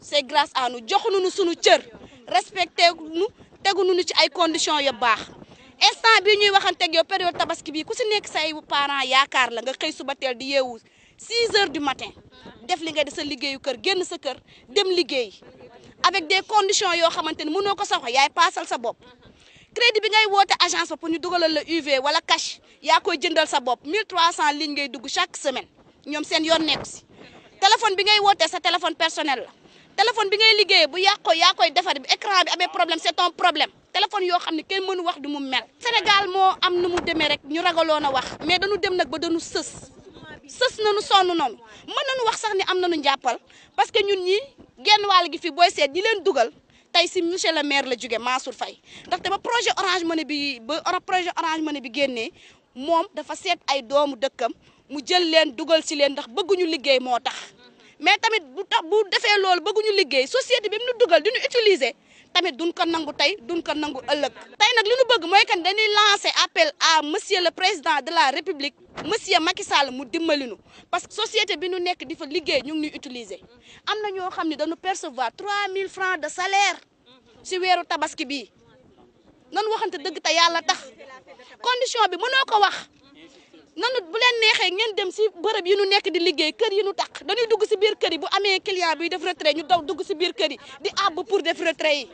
c'est grace à nous joxuñu nu suñu cër respecté nu tegu nu ci ay conditions yu baax instant bii ñuy waxanteeg yow période tabaski bii ku si nekk say parents yaakaar la nga xëy suba teel di yeewu 6 heures du matin def li nga di sa liggéeyu kër génn sa kër dem liggéey avec des conditions yoo xamante ni mënoo ko sax yaay paasal sa bopp. crédit bi ngay woote agence ba pour ñu dugalal la UV wala cash yaa koy jëndal sa bopp 1300 lignes ngay dugg chaque semaine ñoom yoon nekk si téléphone bi ngay wootee sa téléphone personnel la. téléphone bi ngay liggéeyee bu yàqoo yaa koy defar bi écran bi amee problème c'est ton problème téléphone yoo xam ne kenn mënu wax du mu mel. Sénégal moo am nu mu demee rek ñu ragaloon a wax mais dañu dem nag ba dañu sës sës nu sonn na noonu mën nañu wax sax ni am na nañu njàppal parce que ñun ñi genn wàll gi fi booy seet ñi leen dugal. tey si monsieur le maire la jóge Mansour Faye ndaxte ba projet Orange Money bi ba projet Orange Money bi génnee moom dafa seet ay doomu dëkkam mu jël leen dugal si leen ndax bëgguñu liggéey moo tax mais tamit bu tax bu defee loolu bëgguñu liggéey société bi mu nu dugal di ñu utiliser tamit duñ ko nangu tey duñ ko nangu ëllëg. tey nag li ñu bëgg mooy kan dañuy lancer appel à monsieur le président de la république monsieur Macky Sall mu dimbali nu parce que société bi ñu nekk di fa liggéey ñu ngi ñuy utiliser am na ñoo xam ne dañu percevoir 3000 francs de salaire si weeru tabaski bi nan waxante dëgg te yàlla tax condition bi noo ko wax nanu bu leen neexee ngeen dem si bërëb yi ñu nekk di liggéey kër yi ñu tax client bi def retrait ñu daw dugg si biir kër yi di àbb pour def retrait yi